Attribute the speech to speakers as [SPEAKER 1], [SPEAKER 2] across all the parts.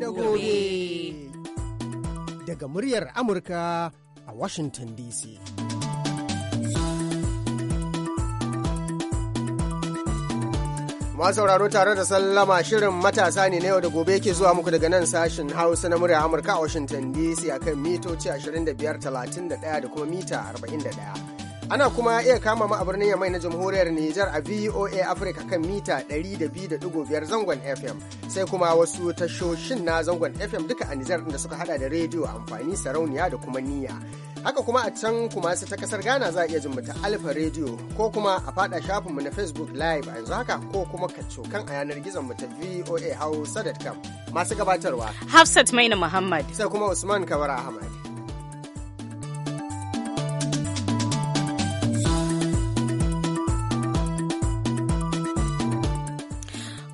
[SPEAKER 1] da gobe. Daga muryar Amurka a Washington DC. sauraro tare da sallama shirin matasa ne na yau da gobe ke zuwa muku daga nan sashen hausa na murya amurka a washington dc a kan mitoci 25 31 da kuma mita 41 Ana kuma iya kama mu a birnin Yamai na Jamhuriyar Nijar a VOA Africa kan mita 200.5 zangon FM. Sai kuma wasu tashoshin na zangon FM duka a Nijar da suka hada da rediyo amfani sarauniya da kuma niyya. Haka kuma a can kuma su ta kasar Ghana za a iya jin mu Alfa rediyo ko kuma a fada shafin mu na Facebook Live a yanzu haka ko kuma cokan a yanar gizon mu ta VOA Hausa.com. Masu gabatarwa Hafsat Maina Muhammad. Sai kuma Usman Kabara Ahmad.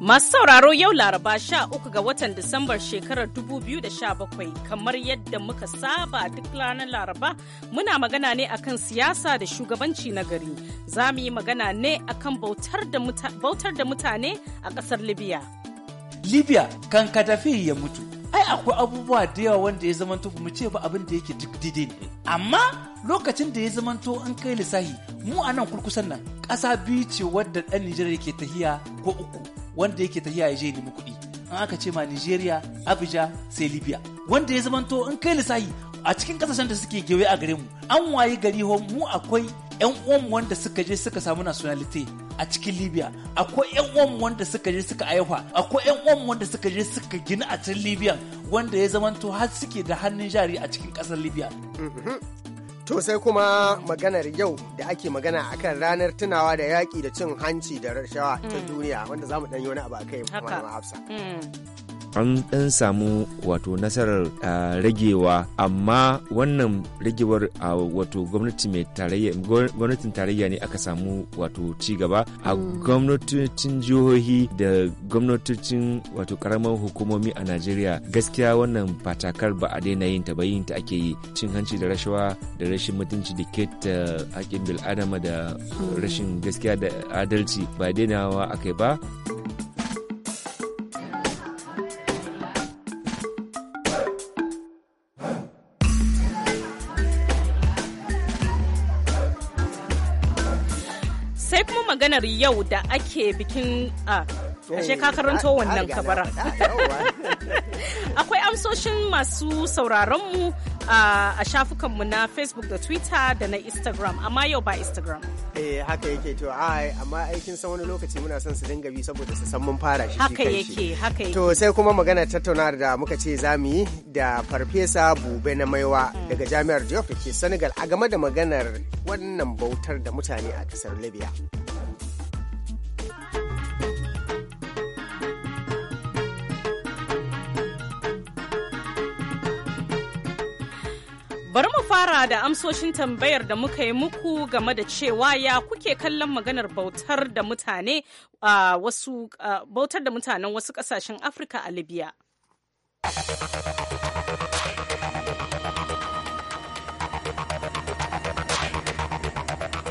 [SPEAKER 2] Masu sauraro yau Laraba sha uku ga watan Disambar shekarar 2017 kamar yadda muka saba duk ranar Laraba muna magana ne akan siyasa da shugabanci na gari. Za mu yi magana ne akan bautar da mutane a ƙasar Libya.
[SPEAKER 3] Libya kan Kadafi ya mutu. Ai akwai abubuwa da yawa wanda ya zamanto mu ce ba abin da yake duk Amma lokacin da ya zamanto an kai lissahi mu anan nan kurkusan nan kasa biyu ce wadda ɗan Nijar yake tahiya ko uku. wanda yake tafiya ya je nemi kuɗi an aka ce ma Nigeria Abuja sai Libya wanda ya zamanto in kai lissahi a cikin kasashen da suke gewe a gare mu an wayi gari mu akwai yan uwan wanda suka je suka samu nationality a cikin libya akwai yan uwan wanda suka je suka aihuwa akwai yan uwan wanda suka je suka gina a cikin libya wanda ya zamanto har suke
[SPEAKER 1] da hannun jari a cikin kasar libya mhm. To sai kuma maganar yau da ake magana akan ranar tunawa da yaƙi da cin hanci da rashawa ta mm. duniya wanda za mu ɗanyi wani abu a kai malama Hafsa.
[SPEAKER 2] Mm.
[SPEAKER 4] an ɗan samu wato nasarar ragewa amma wannan ragewar a wato gwamnati mai tarayya gwamnatin tarayya ne aka samu wato ci gaba a mm. gwamnatocin jihohi da gwamnatocin wato karamar hukumomi a najeriya gaskiya wannan fatakar ba a daina yin ta ba yin ta ake yi cin hanci da rashawa da rashin mutunci da keta haƙƙin bil'adama da mm. rashin gaskiya da adalci ba dainawa aka yi ba
[SPEAKER 2] maganar yau da ake bikin a ashe wannan kabara. Akwai amsoshin masu sauraronmu a shafukanmu na Facebook da Twitter da na Instagram, amma yau ba Instagram.
[SPEAKER 1] Eh haka yake to ai amma aikin san wani lokaci muna son su dinga bi saboda su san mun fara shi Haka yake,
[SPEAKER 2] haka yake. To sai
[SPEAKER 1] kuma magana tattaunawar da muka ce zamu yi da Farfesa Bube na Maiwa mm. daga Jami'ar Diop da ke Senegal a game da maganar wannan bautar da mutane a kasar Libya.
[SPEAKER 2] fara da amsoshin tambayar da muka yi muku game da cewa ya kuke kallon maganar bautar da mutane wasu bautar da mutanen wasu kasashen Afirka a Libya.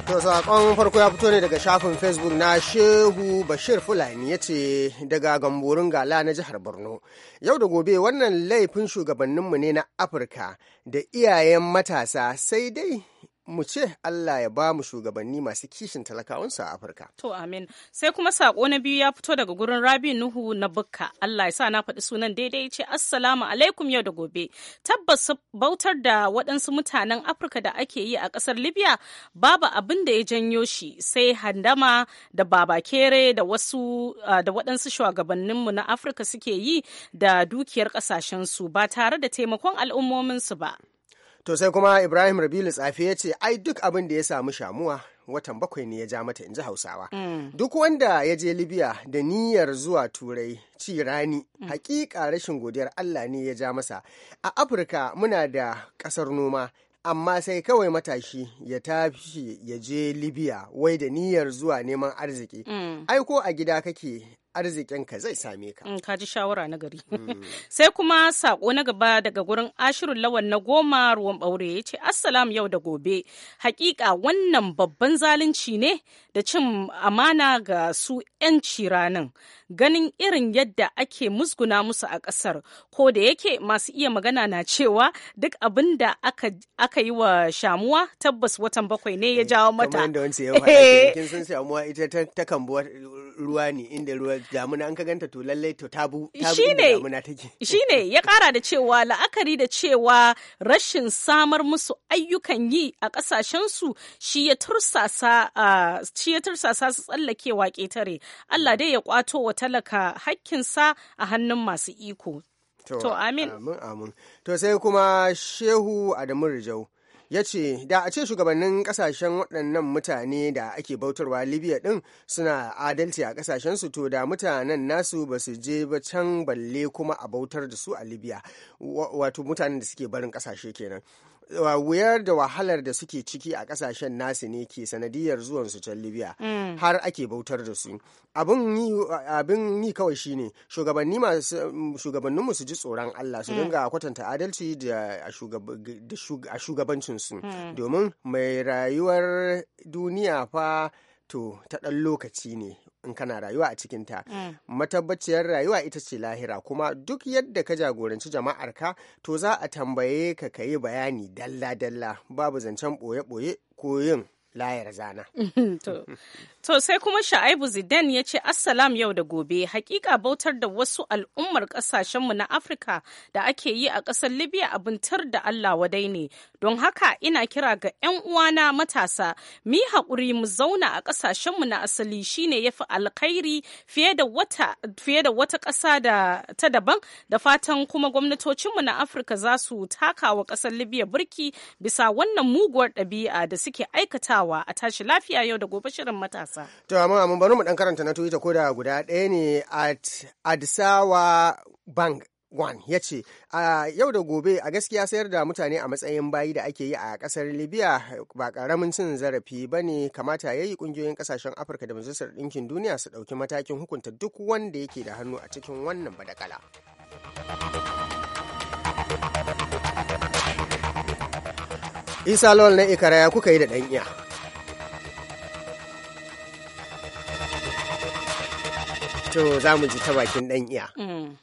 [SPEAKER 1] To sakon farko ya fito ne daga shafin Facebook na Shehu Bashir Fulani ya ce daga gamburin gala na jihar Borno. Yau da gobe wannan laifin shugabanninmu ne na Afirka da iyayen matasa sai dai mu ce Allah ya ba mu shugabanni masu kishin talakawansu a Afirka.
[SPEAKER 2] To amin. Sai kuma sako na biyu ya fito daga gurin Rabi Nuhu na Bukka. Allah ya sa na faɗi sunan daidai ce Assalamu alaikum yau da gobe. Tabbas bautar da waɗansu mutanen Afirka da ake yi a ƙasar Libya babu abin da ya janyo shi sai handama da babakere da wasu da waɗansu shugabanninmu na Afirka suke yi da dukiyar ƙasashensu ba tare da taimakon al'ummominsu ba.
[SPEAKER 1] To sai kuma Ibrahim Rabilu Tsafi ya ce, ai duk abin da ya samu shamuwa watan bakwai ne ya ja mata in ji Hausawa. Mm. Duk wanda ya je Libya da niyyar zuwa Turai ci rani, mm. hakika rashin godiyar Allah ne ya ja masa. A Afirka muna da ƙasar noma, amma sai kawai matashi ya tafi ya je libya wai da niyyar zuwa neman arziki mm. ai ko a gida kake arzikinka zai same ka.
[SPEAKER 2] Mm, ka ji shawara na gari. Mm. Sai kuma sako na gaba daga gurin ashirin lawan na goma ruwan ɓaure ya ce Assalam yau da gobe. Hakika wannan babban zalunci ne da cin amana ga su yanci ranan ganin irin yadda ake musguna musu a ƙasar ko da yake masu iya magana na cewa duk abin da aka yi wa shamuwa tabbas watan bakwai ne ya mm. jawo mata kamar yadda wancan ya faɗa eh, kin
[SPEAKER 1] san shamuwa ita ta kambuwa ruwa ne inda ruwa damuna an ka ganta to lallai to tabu tabu damuna
[SPEAKER 2] take shine ya ƙara da cewa la'akari da cewa rashin samar musu ayyukan yi a ƙasashensu shi ya tursasa ah, shi ya tursasa su tsallake waƙetare Allah dai ya kwato wa talaka hakkinsa a hannun masu iko. To, amin.
[SPEAKER 1] Amin, To, sai kuma Shehu Adamu Rijau. ya ce da a ce shugabannin kasashen waɗannan mutane da ake bautarwa libya ɗin suna adalci a kasashensu to da mutanen nasu ba su je ba can balle kuma a bautar da su a libya wato mutanen da suke barin kasashe kenan wuyar da wahalar da suke ciki a kasashen nasi ne ke sanadiyar zuwan su can libya mm. har ake bautar da su abin yi kawai shine ne shugabanninmu su ji tsoron allah su mm. dinga kwatanta adalci da a shugabancinsu mm. domin mai rayuwar duniya fa to ta ɗan lokaci ne in kana rayuwa a cikin ta mm. matabbaciyar rayuwa ita ce lahira kuma duk yadda ka jagoranci jama'ar ka to za a tambaye ka ka yi bayani dalla dalla babu zancen boye boye ko yin layar zana.
[SPEAKER 2] To sai kuma Sha'aibu Zidane ya ce Assalam yau da gobe hakika bautar da wasu al'ummar kasashenmu na Afirka da ake yi a ƙasar Libya abin da Allah wadai ne. Don haka ina kira ga 'yan uwana matasa mi haƙuri mu zauna a ƙasashenmu na asali shine yafi alkhairi fiye da wata fiye da wata ƙasa da ta daban da fatan kuma gwamnatocinmu na Afirka za su taka wa ƙasar Libya burki bisa wannan muguwar ɗabi'a da suke aikatawa a tashi lafiya yau da gobe shirin matasa. wasa
[SPEAKER 1] to amma amma bari mu dan karanta na Twitter ko da guda ɗaya ne at Adsawa Bank Wan ya ce, yau da gobe a gaskiya sayar da mutane a matsayin bayi da ake yi a kasar Libya ba karamin cin zarafi ba ne kamata ya yi kungiyoyin kasashen Afirka da Majalisar Ɗinkin Duniya su ɗauki matakin hukunta duk wanda yake da hannu a cikin wannan badakala. Isa lol na Ikara ya kuka yi da ɗan iya. to za mu ji ta bakin ɗan iya.
[SPEAKER 5] Mm.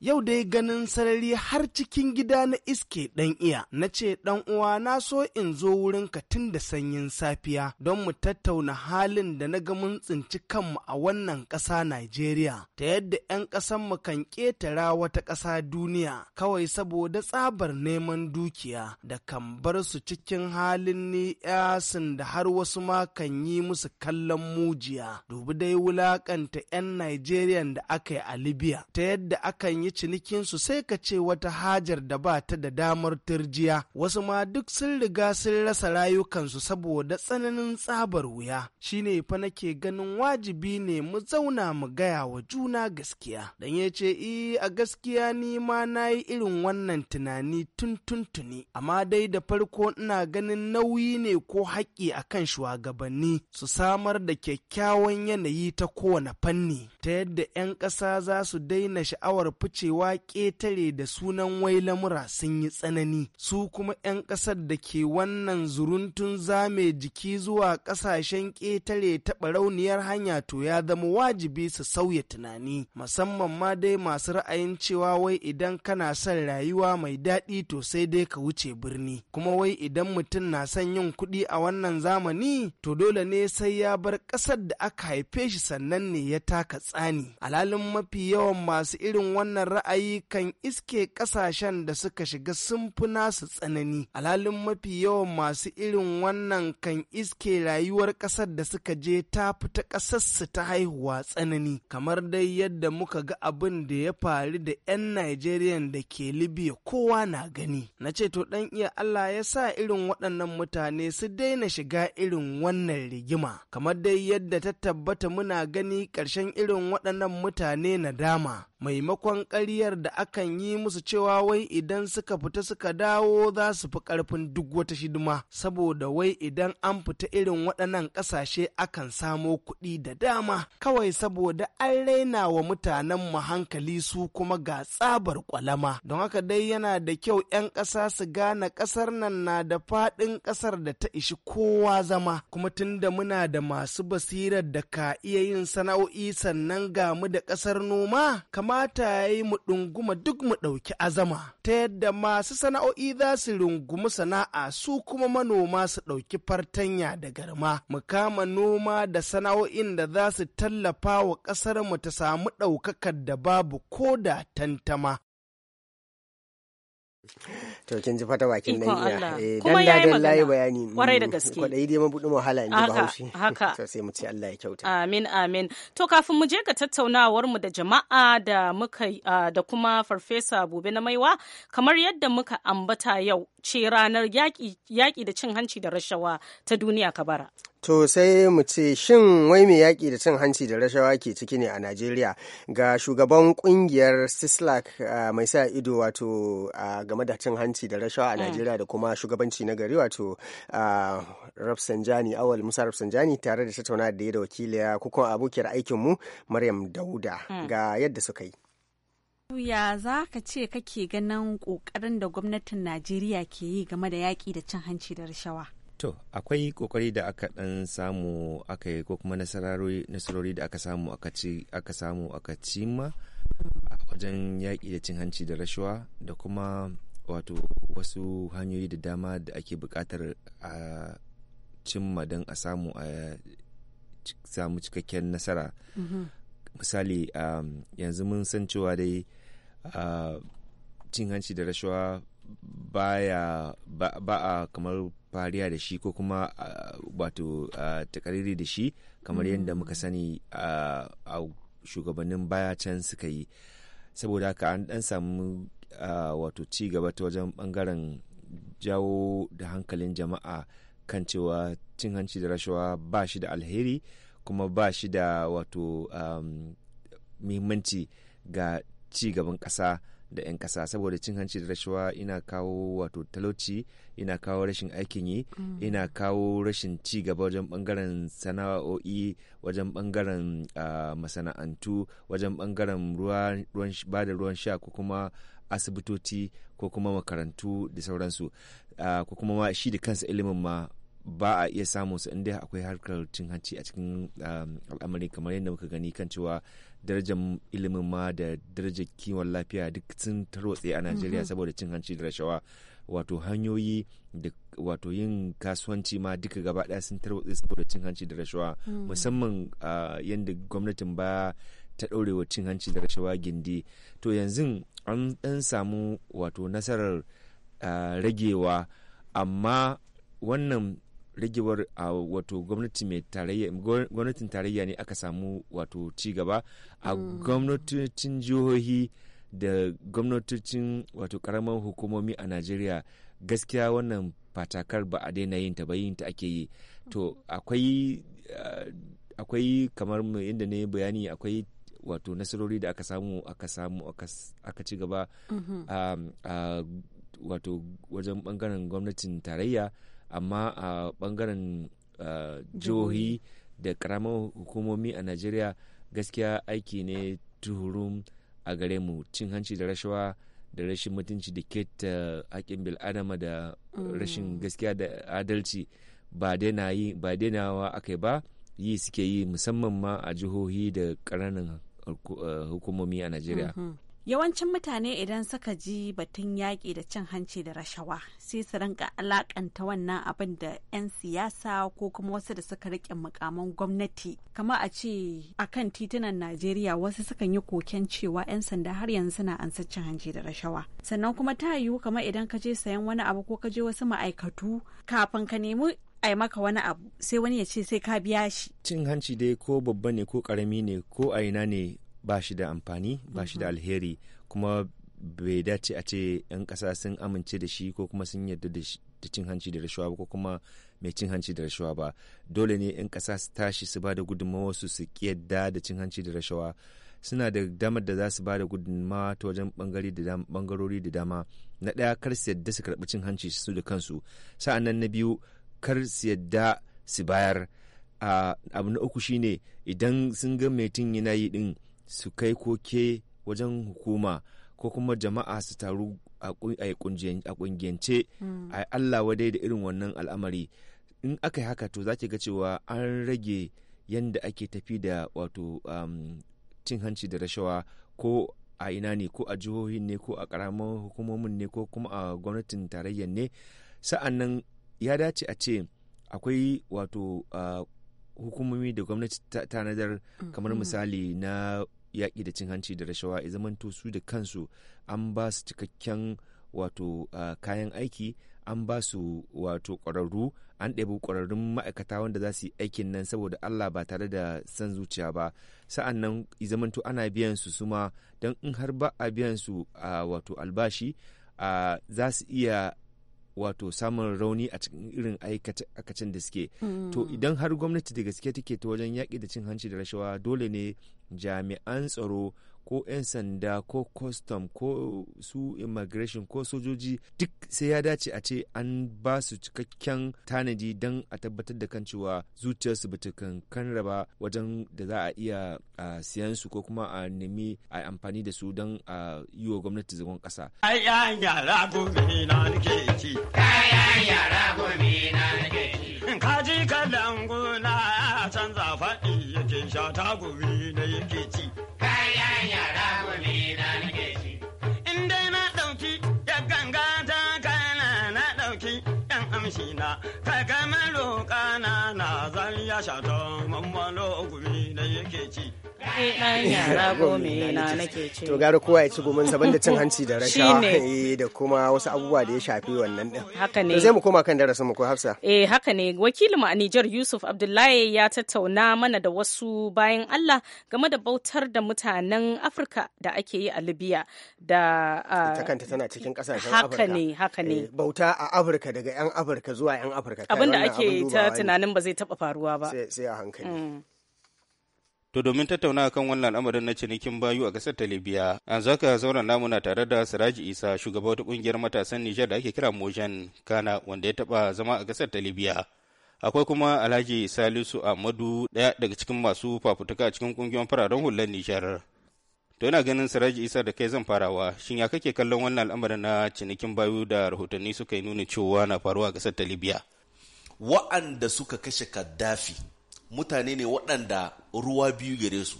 [SPEAKER 5] Yau dai ganin sarari har cikin gida na iske ɗan iya, na ce ɗan uwa na so in zo wurin ka tun da sanyin safiya don mu tattauna halin da na ga mun tsinci kanmu a wannan ƙasa Najeriya, ta yadda 'yan mu kan ƙetara wata ƙasa duniya kawai saboda tsabar neman dukiya da kan bar su cikin halin yasin da har wasu ma kan yi musu kallon mujiya. Dubi dai wulaƙanta 'yan Najeriya da aka yi a Libya, ta yadda akan yi yi cinikinsu sai ka ce wata hajar da ba ta da damar turjiya wasu ma duk sun riga sun rasa rayukansu saboda tsananin tsabar wuya Shi ne fa nake ganin wajibi ne mu zauna mu gaya wa juna gaskiya dan ya ce i a gaskiya ni ma na yi irin wannan tunani tuntuntuni." amma dai da farko ina ganin nauyi ne ko haƙƙi a kan shugabanni su samar da kyakkyawan yanayi ta kowane fanni ta yadda 'yan ƙasa za su daina sha'awar fice cewa ƙetare da sunan wai lamura sun yi tsanani su kuma 'yan ƙasar da ke wannan zuruntun zame jiki zuwa ƙasashen ƙetare ta barauniyar hanya to ya zama wajibi su sauya tunani musamman ma dai masu ra'ayin cewa wai idan kana son rayuwa mai daɗi to sai dai ka wuce birni kuma wai idan mutum na son yin kuɗi a wannan zamani to dole ne sai ya bar ƙasar da aka haife shi sannan ne ya taka tsani alhalin mafi yawan masu irin wannan wannan ra'ayi kan iske ƙasashen da suka shiga sun fi nasu tsanani alhalin mafi yawan masu irin wannan kan iske rayuwar ƙasar da suka je ta fita ta ƙasarsu ta haihuwa tsanani kamar dai yadda muka ga abin da ya faru da 'yan Najeriya da ke Libya kowa na gani na ce to ɗan iya Allah ya sa irin waɗannan mutane su daina shiga irin wannan rigima kamar dai yadda ta tabbata muna gani ƙarshen irin waɗannan mutane na dama maimakon ƙaryar da akan yi musu cewa wai idan suka fita suka dawo za su fi ƙarfin duk wata hidima saboda wai idan an fita irin waɗannan ƙasashe akan samo kuɗi da dama kawai saboda an raina wa mutanen mu hankali su kuma ga tsabar ƙwalama don haka dai yana da kyau 'yan ƙasa su gane ƙasar nan na da faɗin ƙasar da ta ishi kowa zama kuma tunda muna da masu basirar da ka iya yin sana'o'i sannan ga mu da ƙasar noma kamata ya yi mu ɗunguma duk mu ɗauki azama ta yadda masu sana'o'i za su rungumi sana'a su kuma manoma su ɗauki fartanya da garma mu kama noma da sana'o'in da za su tallafa wa ƙasar mu ta samu ɗaukakar da babu ko da tantama
[SPEAKER 1] to kin ji fata bakin nan iya dan da dan layi bayani mm, kwarai da gaske kwadai dai mun mabuɗin wahala in bahaushe haka to sai mu ce Allah ya kyauta
[SPEAKER 2] amin amin to kafin mu je ga tattaunawar mu da jama'a da muka da kuma farfesa Bube na Maiwa kamar yadda muka ambata yau ce ranar yaki yaki da cin hanci da rashawa ta duniya kabara
[SPEAKER 1] To sai mu ce shin wai mai yaƙi da cin hanci da rashawa ke ciki ne a Najeriya ga shugaban kungiyar Sislak mai sa ido wato game da cin hanci da rashawa a mm. Najeriya da kuma shugabanci na gari wato Rafsanjani Awal Musa Rafsanjani tare da tattauna da ya da wakiliya ko abokiyar abokiyar aikinmu Maryam Dauda mm. ga yadda suka yi.
[SPEAKER 2] Ya za ka ce kake ganin ƙoƙarin da gwamnatin Najeriya ke yi game da yaƙi da cin hanci da rashawa?
[SPEAKER 4] To, akwai kokari da aka ɗan samu aka yi ko kuma nasarori da aka samu aka samu aka cimma a wajen yaƙi da cin hanci da rashuwa da kuma wato wasu hanyoyi da dama da ake buƙatar a cimma don a samu a samu cikakken nasara. Mm-hmm. Misali, um, yanzu mun san cewa dai cin hanci da rashuwa ba a kamar fariya da shi ko kuma ah, wato ah, takariri da shi kamar mm-hmm. yadda muka sani ah, a shugabannin baya can suka yi saboda haka an dan samu wato cigaba ta wajen bangaren jawo da hankalin jama'a kan cewa cin hanci da rashawa ba shi da alheri kuma ba shi da wato muhimmanci ga ci gaban ƙasa da 'yan kasa saboda cin hanci da rashawa ina kawo wato talauci ina kawo rashin aikin yi mm. ina kawo rashin ci gaba wajen bangaren sana'o'i wajen bangaren ah, masana'antu wajen bangaren ba da ruwan sha ko kuma asibitoci ko kuma makarantu da sauransu ah, ko kuma ma shi da kansa ilimin ma ba a iya samun su inda akwai harkar cin hanci a cikin ah, al'amari kamar yadda muka gani kan cewa darajar ilimin ma da darajar kiwon lafiya duk sun tarwatse a najeriya mhm. saboda cin hanci da rashawa wato hanyoyi da wato yin kasuwanci ma duka gaba daya sun tarwatse saboda cin hanci da rashawa hmm. musamman yadda gwamnatin ba ta ɗaurewa cin hanci da rashawa gindi to yanzu an ɗan samu wato nasarar ragewa amma wannan ragewar a wato gwamnati mai tarayya gwamnatin tarayya ne aka samu wato ci a mm. gwamnatocin jihohi da gwamnatocin wato karamar hukumomi a najeriya gaskiya wannan fatakar ba a daina yin ta ba yin ta ake yi to mm-hmm. akwai akwai kamar inda ne bayani akwai wato nasarori da aka samu aka samu aka ci mm-hmm. a wato wajen bangaren gwamnatin tarayya amma a bangaren jihohi da karamar hukumomi a najeriya gaskiya aiki ne tuhurum a gare mu cin hanci da rashawa da rashin mutunci da keta haƙin bil'adama da rashin mm. gaskiya da adalci ba daina ba aka ba yi suke yi musamman ma a jihohi da karanin hukumomi a najeriya
[SPEAKER 2] mm-hmm. Yawancin mutane idan suka ji batun yaƙi da cin hanci da rashawa sai su rinka alakanta wannan abin da 'yan siyasa ko kuma wasu da suka rike mukaman gwamnati. Kama a ce a kan titunan Najeriya wasu sukan yi koken cewa 'yan sanda har yanzu suna ansa cin hanci da rashawa. Sannan kuma ta yiwu kamar idan ka je sayan wani abu ko ka je wasu ma'aikatu kafin ka nemi ai maka wani abu sai wani ya ce sai ka biya shi.
[SPEAKER 4] Cin hanci dai ko babba ne ko karami ne ko a ina ne ba shi da amfani ba shi da mhm. alheri kuma bai dace a ce 'yan ƙasa sun amince da shi ko kuma sun yarda da cin hanci da rashawa ba ko kuma mai cin hanci da rashawa ba dole ne 'yan ƙasa su tashi su ba da gudunmawa su su yadda da cin hanci da rashawa suna da damar da za su ba da gudunmawa ta wajen bangarori da dama na ɗaya kar su yadda su karɓi cin hanci su da kansu sa'an nan na biyu kar su yadda su bayar ah, abu na uku shine idan sun ga mai yana yi din su kai koke wajen hukuma ko kuma jama'a su taru a kungiyance hmm. a Allah wadai da irin wannan al'amari in aka yi haka to zaki ga cewa an rage yadda ake tafi da wato um, cin hanci da rashawa ko a ina ne ko a jihohin ne ko a karamar hukumomin ne ko kuma a gwamnatin tarayyar ne sa'an nan ya dace a ce akwai wato uh, hukumomi da gwamnati ta tanadar mm, kamar mm. misali na yaƙi da cin hanci da rashawa ya zamanto su da kansu an ba su cikakken wato kayan aiki an ba su wato ƙwararru an ɗebi ƙwararrun ma'aikata wanda za su yi aikin nan saboda Allah ba tare da san zuciya ba sa'an nan zamanto ana biyan su suma don in har ba a biyan su wato albashi za su iya wato samun rauni a cikin irin aikacin da suke mm. to idan har gwamnati da gaske take ta wajen yaƙi da cin hanci da rashawa dole ne jami'an tsaro ko 'yan sanda ko custom ko su immigration ko sojoji duk sai ya dace a ce an ba su cikakken tanadi don a tabbatar da kan cewa zuciyarsu bata kan raba wajen da za a iya siyan su ko kuma a nemi a amfani da su don a yi wa gwamnati zagon kasa
[SPEAKER 6] ka yara na kallon canza faɗi yake sha ta gobe. shi na kai kai mai roƙa na na zan ya sha to mun malo
[SPEAKER 3] yake ci to gara
[SPEAKER 1] kowa ya ci gomin zaban da cin hanci da rashawa eh, da kuma wasu abubuwa da ya shafi wannan din haka ne zai mu koma kan darasin mu ko hafsa
[SPEAKER 2] eh haka ne wakilin mu a Nijar Yusuf Abdullahi ya tattauna mana da wasu bayan Allah game da bautar da mutanen Afirka da ake yi a Libya da ah, ta kanta tana cikin kasashen Afirka haka ne haka ne eh,
[SPEAKER 1] bauta a Afirka daga yan Afirka zuwa yan Afirka da ake ta tunanin
[SPEAKER 2] ba zai taba faruwa ba sai a hankali mm.
[SPEAKER 6] To domin tattauna kan wannan al'amarin na cinikin bayu a gasar ta Libya, an zaka zauren namu na tare da Siraji Isa, shugaba wata kungiyar matasan Nijar da ake kira Mojan Kana wanda ya taba zama a gasar ta Libya. Akwai kuma Alhaji Salisu Ahmadu ɗaya daga cikin masu fafutuka a cikin kungiyar fararen hular Nijar. To ina ganin Siraji Isa da kai zan farawa, shin ya kake kallon wannan al'amarin na cinikin bayu da rahotanni suka yi nuna cewa na faruwa a gasar ta Libya?
[SPEAKER 7] Wa'anda suka kashe Kaddafi mutane ne waɗanda ruwa biyu gare su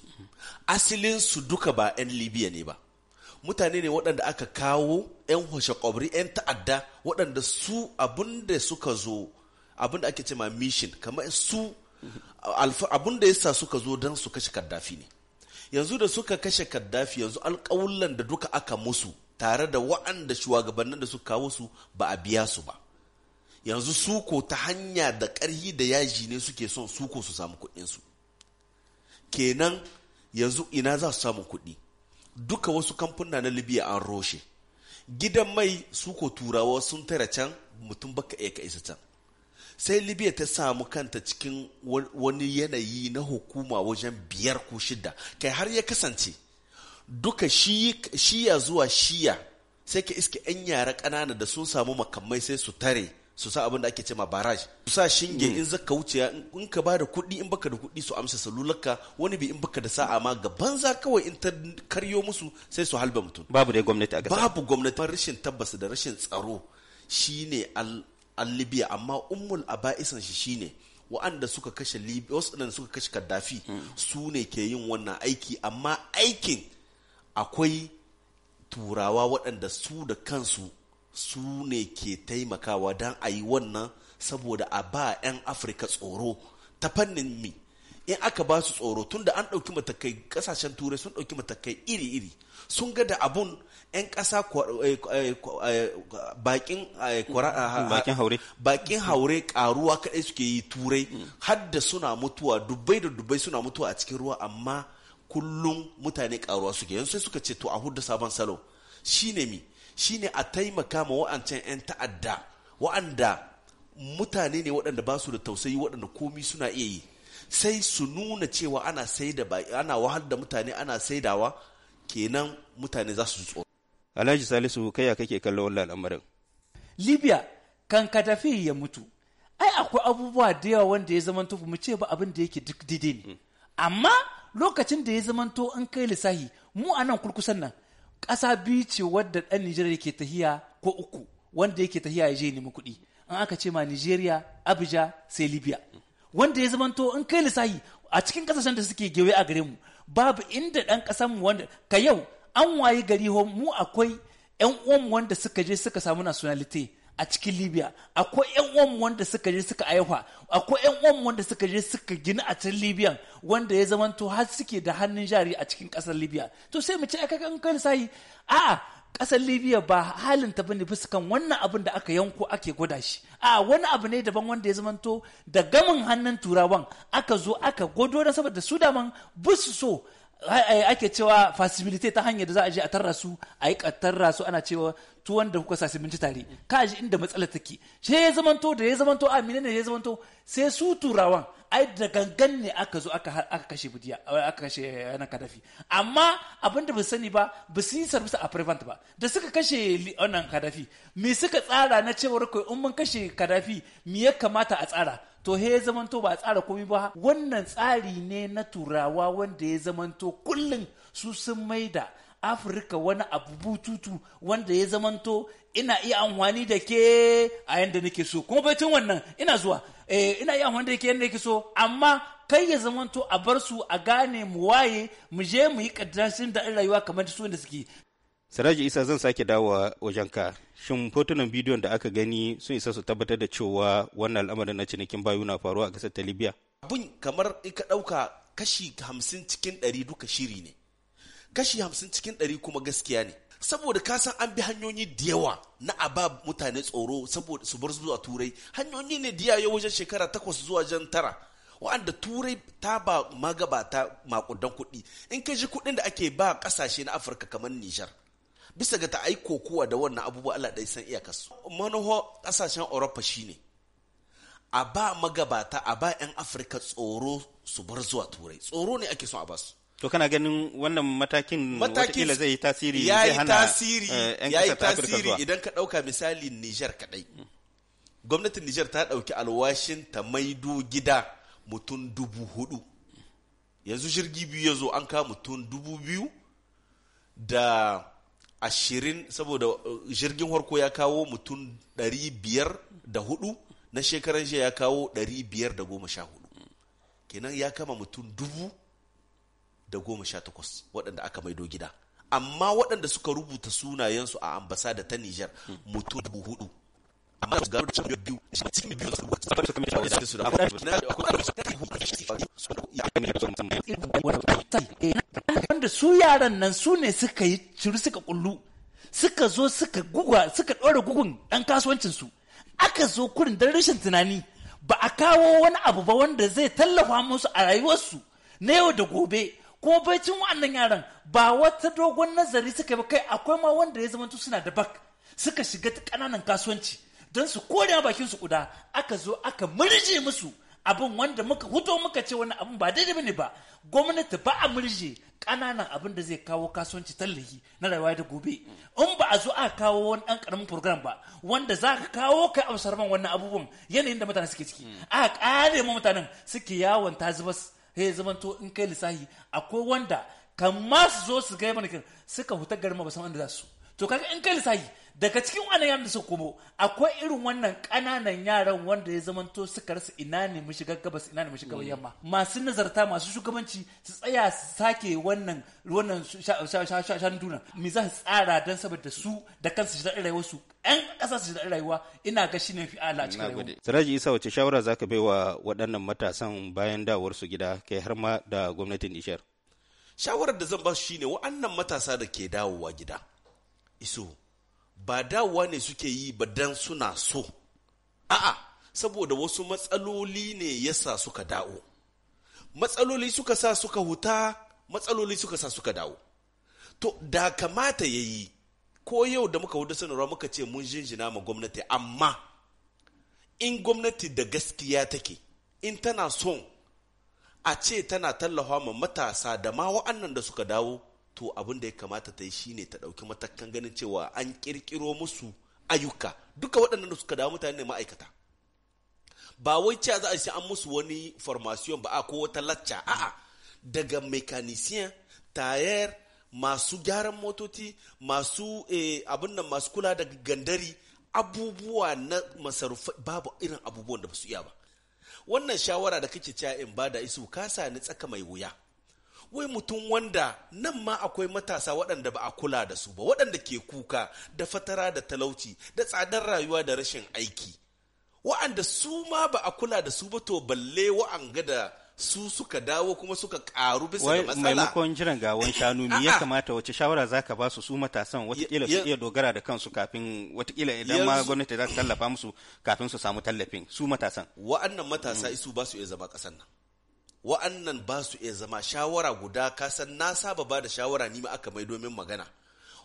[SPEAKER 7] asilinsu su duka ba 'yan libya ne ba mutane ne waɗanda aka kawo 'yan hoshe ƙwabri 'yan ta'adda waɗanda su da suka zo da ake ma mission kamar su abinda ya suka zo don su kashe kaddafi ne yanzu da suka kashe kaddafi yanzu alƙawullan da duka aka musu tare da wa'anda shugabannin da suka kawo su ba a biya su ba yanzu suko ta hanya da ƙarhi da yaji ne suke son suko su samu kuɗinsu kenan yanzu ina za su samu kuɗi duka wasu kamfuna na libya an roshe gidan mai suko turawa sun tara can mutum baka iya ka isa can sai libya ta samu kanta cikin wani yanayi na hukuma wajen biyar ko shida kai har ya kasance duka shiya zuwa shiya sai ka iske 'yan yara ƙanana da sun samu makamai sai su tare su sa abin da ake cema baraj su sa shinge mm. in zaka wuce in ka ba da kuɗi in baka da kuɗi su amsa salularka wani bi in baka da sa'a ma ga banza kawai in ta karyo musu sai su halba mutum babu dai gwamnati a babu gwamnati rashin tabbas da rashin tsaro shine al Libya amma ummul aba'isan shi shine wa'anda suka kashe libya wasu suka kashe kaddafi mm. su ne ke yin wannan aiki amma aikin akwai turawa waɗanda su da kansu su ne ke taimakawa don a yi wannan saboda a ba 'yan afirka tsoro ta fannin mi in aka ba su tsoro tunda an ɗauki matakai ƙasashen turai sun ɗauki matakai iri-iri sun ga da abun 'yan ƙasa eh, eh, eh, bakin ah, ah, haure ƙaruwa kaɗai suke yi turai har suna mutuwa dubbai da Dubai suna mutuwa a cikin ruwa amma kullum mutane ƙaruwa suke yanzu sai suka ce to a hudu sabon salo shine mi shine a taimaka ma wa'ancan 'yan ta'adda wa'anda mutane ne waɗanda ba su da tausayi waɗanda komi suna iya yi sai su nuna cewa ana da ana wahal da mutane ana saidawa kenan mutane za su tsoro Alhaji
[SPEAKER 6] Salisu kai ya kake kallon wannan al'amarin
[SPEAKER 3] Libya kan tafi ya mutu ai akwai abubuwa da yawa wanda ya zamanto mu ce ba abin da yake duk daidai ne hmm. amma lokacin da ya zamanto an kai lissahi mu a nan kurkusan nan ƙasa biyu ce wadda ɗan Nijeriya ke tahiya ko uku wanda yake tahiya ya je nemi kuɗi an aka ce ma Nijeriya Abuja sai Libya wanda ya zamanto in kai lissahi a cikin ƙasashen da suke gewe a gare mu babu inda ɗan ƙasan mu wanda ka yau an waye gari mu akwai ƴan uwan wanda suka je suka samu nationality a cikin libya akwai 'yan uwanmu wanda suka je suka aihuwa akwai 'yan uwanmu wanda suka je suka gina a cikin libya wanda ya zamanto har suke da hannun jari a cikin ƙasar libya to sai mu ce aka kan kan a a'a ƙasar libya ba halin ta bane fuskan wannan abin da aka yanko ake gwada shi a wani abu ne daban wanda ya zamanto da gamin hannun turawan aka zo aka gwado saboda su daman busu so ake cewa fasibilite ta hanyar da za a je a tarra su a yi tarra su ana cewa tuwon da kuka sasibinci tare ka ji inda matsalar take shi ya zamanto da ya zamanto a mine ne ya zamanto sai su turawan ai da gangan ne aka zo aka kashe budiya aka kashe yana eh, kadafi amma abin da ba sani ba ba su yi service a prevent ba da suka kashe wannan kadafi me suka tsara na cewa ko in mun kashe kadafi me ya kamata a tsara to he zamanto ba a tsara komai ba wannan tsari ne na turawa wanda ya zamanto kullum su sun maida afirka wani abu bututu wanda ya zamanto ina iya amfani da ke a yadda nake so kuma tun wannan ina zuwa eh, ina iya amfani da ke yadda nake so amma kai ya zamanto a bar su a gane mu waye mu je mu yi kaddashin da rayuwa kamar su da suke
[SPEAKER 6] Siraji Isa zan sake dawowa wajenka. Shin hotunan bidiyon da aka gani sun isa su tabbatar da cewa wannan al'amarin na cinikin bayu na faruwa a ƙasar ta Libya?
[SPEAKER 7] Abin kamar in ka ɗauka kashi hamsin cikin ɗari duka shiri ne. Kashi hamsin cikin ɗari kuma gaskiya ne. Saboda ka san an bi hanyoyi da yawa na a ba mutane tsoro saboda su bar zuwa turai hanyoyi ne da yawa wajen shekara takwas zuwa jan tara. wa'anda turai ta ba magabata makudan kuɗi in ka ji kuɗin da ake ba kasashe na afirka kamar nijar bisa ga ta aiko kowa da wannan abubuwa Allah ɗai san iyakarsu manaho ƙasashen Europa shine a ba magabata a ba 'yan Afirka tsoro su bar zuwa turai tsoro ne ake son a basu
[SPEAKER 6] to kana ganin wannan matakin watakila zai yi tasiri ya yi tasiri eh, ya yi tasiri
[SPEAKER 7] idan ka ɗauka misali Nijar kaɗai gwamnatin Nijar ta ɗauki alwashin ta maido gida mutum dubu hudu yanzu jirgi biyu ya zo an kawo mutum dubu biyu da ashirin saboda uh, jirgin harko ya kawo mutum ɗari biyar da hudu na shekaran jiya ya kawo ɗari biyar da goma sha hudu kenan ya kama mutum dubu da goma sha takwas waɗanda aka maido gida amma waɗanda suka rubuta sunayensu a ambasada ta Nijar hmm. mutum dubu hudu su
[SPEAKER 3] wanda su yaran nan su ne suka yi shiru suka kullu suka zo suka guga suka ɗora gugun ɗan kasuwancin aka zo kurin don rashin tunani ba a kawo wani abu ba wanda zai tallafa musu a rayuwarsu na yau da gobe ko baicin wa'annan yaran ba wata dogon nazari suka yi ba kai akwai ma wanda ya zama suna da bak suka shiga ta ƙananan kasuwanci don su kore a bakin su kuda aka zo aka murje musu abin wanda muka huto muka ce wani abin ba daidai bane ba gwamnati ba a murje kananan abin da zai kawo kasuwanci tallahi na rayuwa da gobe in ba a zo aka kawo wani ɗan karamin program ba wanda za ka kawo kai a man wannan abubuwan yanayin da mutane suke ciki a kare mu mutanen suke yawon tazibas sai zamanto in kai lissahi akwai wanda kan ma su zo su gaya mana suka huta garma ba san inda za su to kaga in kai lissahi daga cikin wannan yaran da suka komo akwai irin wannan ƙananan yaran wanda ya zamanto suka rasa ina ne mu shiga gabas ina ne mu shiga yamma masu nazarta masu shugabanci su tsaya su sake wannan wannan shanduna me za su tsara don saboda su da kansu shi daɗin su yan ƙasa su daɗin rayuwa ina ga shi ne fi ala cikin rayuwa.
[SPEAKER 6] Siraji Isa wace shawara za ka bai wa waɗannan matasan bayan su gida kai har ma da gwamnatin Nishar?
[SPEAKER 7] Shawarar da zan ba shi ne wa'annan matasa da ke dawowa gida. Iso ba dawowa ne suke yi ba dan suna so a'a saboda wasu matsaloli ne yasa suka dawo matsaloli suka sa suka huta matsaloli suka sa suka dawo to da kamata ya yi ko yau da muka hudu sanarwa muka ce mun jinjina ma gwamnati amma in gwamnati da gaskiya take in tana son a ce tana tallafa ma matasa da ma wa'annan da suka dawo to abin da ya kamata ta yi ne ta ɗauki matakan ganin cewa an ƙirƙiro musu ayyuka duka waɗannan da suka dawo mutane ne ma'aikata ba wai cewa za a ce an musu wani formation ba a ko wata lacca a'a daga mechanician tayar masu gyaran motoci masu eh, abin nan masu kula da gandari abubuwa na masarufa babu irin abubuwan da ba su iya ba wannan shawara da kake cewa in bada isu kasa ni tsaka mai wuya wai mutum wanda nan ma akwai matasa waɗanda ba a kula da su ba waɗanda ke kuka da fatara da talauci da tsadar rayuwa da rashin aiki wa'anda su ma ba a kula da su ba to balle wa'anga da su suka dawo kuma suka karu bisa da matsala. maimakon
[SPEAKER 6] jiran gawon shanu me ya kamata wace shawara za ka ba su su matasan watakila su iya dogara da kansu kafin watakila idan ma gwamnati za ta tallafa musu kafin su samu tallafin su matasan.
[SPEAKER 7] wa'annan matasa isu ba su iya zama kasan nan. wa'annan ba su iya zama shawara guda kasan na saba ba da shawara ni ma aka mai domin magana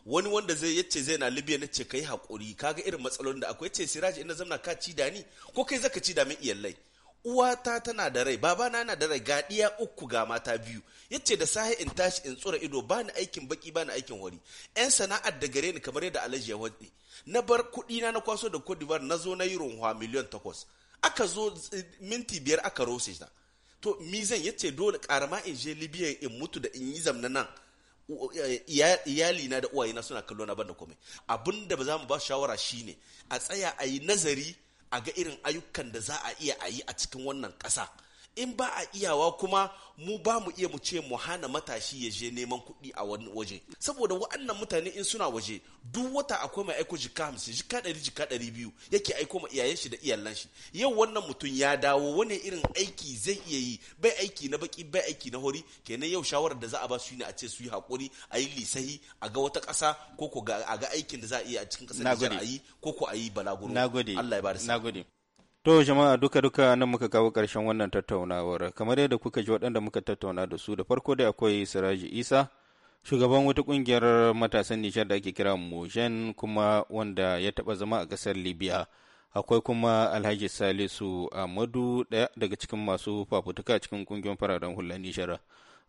[SPEAKER 7] wani wanda zai yace zai na libya na ce kai hakuri kaga irin matsalolin da akwai ce siraji ina zamna ka ci da ni ko kai zaka ci da min iyallai uwata tana da rai babana yana da rai ga ɗiya uku ga mata biyu yace da sahi in tashi in tsura ido bani aikin baki bani aikin wari yan sana'ar da gare ni kamar yadda alhaji ya wadi na bar kuɗi na na kwaso da cote d'ivoire na zo na yi runwa miliyan takwas aka zo eh, minti biyar aka rose ta to mi zan yace dole karama in je libya in mutu da in yi zamna nan iyalina da uwayena suna kallo na banda komai abin da ba za mu ba shawara shi ne a tsaya a yi nazari a ga irin ayyukan da za a iya a yi a cikin wannan ƙasa in ba a iyawa kuma mu ba mu iya mu ce mu hana matashi ya je neman kuɗi a wani waje saboda wa'annan mutane in suna waje duk wata akwai mai aiko jika hamsin jika ɗari jika ɗari biyu yake aiko ma iyayen shi da iyalan shi yau wannan mutum ya dawo wani irin aiki zai iya yi bai aiki na baki bai aiki na hori kenan yau shawarar da za a ba su ne a ce su yi hakuri a yi lisahi a ga wata ƙasa ko ko a ga aikin da za a iya a cikin ƙasar da za a yi ko ko a yi balaguro Allah ya ba da
[SPEAKER 6] To jama'a duka duka nan muka kawo ƙarshen wannan tattaunawar kamar yadda kuka ji waɗanda muka tattauna da su da farko dai akwai Siraji Isa shugaban wata kungiyar matasan Nijar da ake kira Mojen kuma wanda ya taba zama a ƙasar Libya akwai kuma Alhaji Salisu amadu ɗaya daga cikin masu fafutuka cikin ƙungiyar fararen hula Nijar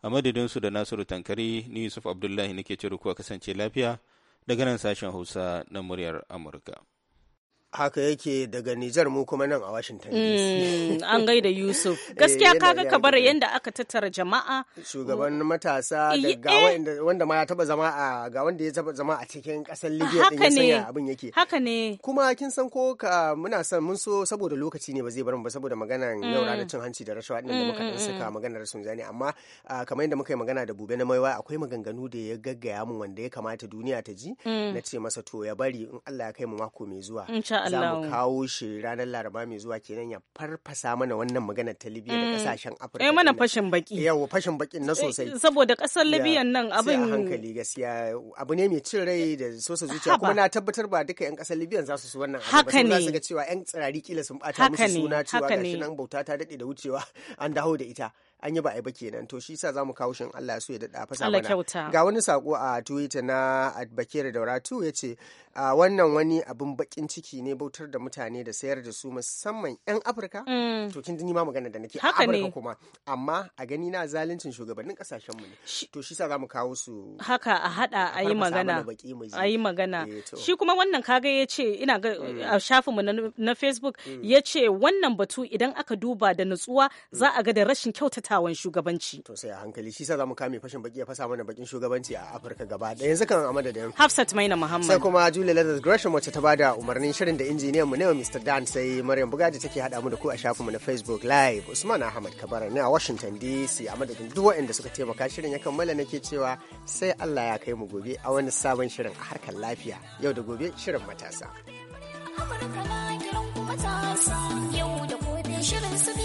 [SPEAKER 6] a madadin su da Nasiru Tankari ni Yusuf Abdullahi nake ce ku kasance lafiya daga nan sashen Hausa
[SPEAKER 1] na muryar Amurka. haka yake daga Nijar mu kuma nan a Washington DC. Hmm, an
[SPEAKER 2] gaida Yusuf. Eh, Gaskiya kaga ka bar yanda aka tattara jama'a. Shugaban
[SPEAKER 1] mm. matasa da ga eh. wanda ma ya taba zama a ga wanda ya taba zama a cikin kasar Libya din ya sanya abin yake. Haka ne. Kuma kin san ko ka muna son mun so saboda lokaci ne ba zai bar mu ba saboda maganar mm. yau ranar cin hanci da rashawa din da muka dan mm, saka maganar sunzani amma kamar yadda muka yi magana da Bube na Maiwa akwai maganganu da ya gaggaya mu wanda ya kamata duniya ta ji na ce masa to ya bari in Allah ya kai mu mako mai zuwa. za mu kawo shi ranar laraba mai zuwa kenan ya farfasa mana wannan magana ta libya da kasashen mm. afirka eh mana fashin baki yawa fashin bakin na sosai eh,
[SPEAKER 2] saboda kasar libya nan abin a
[SPEAKER 1] hankali gaskiya abu ne mai cin rai da sosa zuciya kuma na tabbatar ba duka yan kasar libya za su su wannan abu ba za su ga cewa yan tsirari kila sun bata musu suna cewa gashi nan bauta ta dade da wucewa an dawo da ita an yi ba a yi ba kenan to shi sa za mu kawo shin Allah so ya dada fasa mana ga wani sako a Twitter na Bakere Dauratu ya ce wannan wani abin bakin ciki ne bautar da mutane da sayar da su musamman 'yan Afirka mm. to kin ni ma magana da nake Afirka kuma amma a gani na zaluncin shugabannin kasashen mu ne to shi sa za mu kawo su
[SPEAKER 2] haka a hada a yi magana a yi magana shi kuma wannan kaga ya ce ina ga mm. a shafinmu na Facebook mm. ya ce wannan batu idan aka duba da nutsuwa za a ga da rashin kyautata dakatawan shugabanci to sai a hankali shi sa zamu
[SPEAKER 1] kame fashin baki ya fasa mana bakin shugabanci a Afirka gaba da yanzu kan amada da Hafsat Maina Muhammad sai kuma Julia Lazarus Gresham wacce ta bada umarnin shirin da injiniyan mu ne Mr Dan sai Maryam Bugaji take hada mu da ku a shafinmu na Facebook Live Usman Ahmad Kabara ne a Washington DC a madadin duk waɗanda suka taimaka shirin ya kammala nake cewa sai Allah ya kai mu gobe a wani sabon shirin a harkar lafiya yau da gobe shirin matasa.
[SPEAKER 2] Amurka na kiran kuma ta yau da gobe shirin su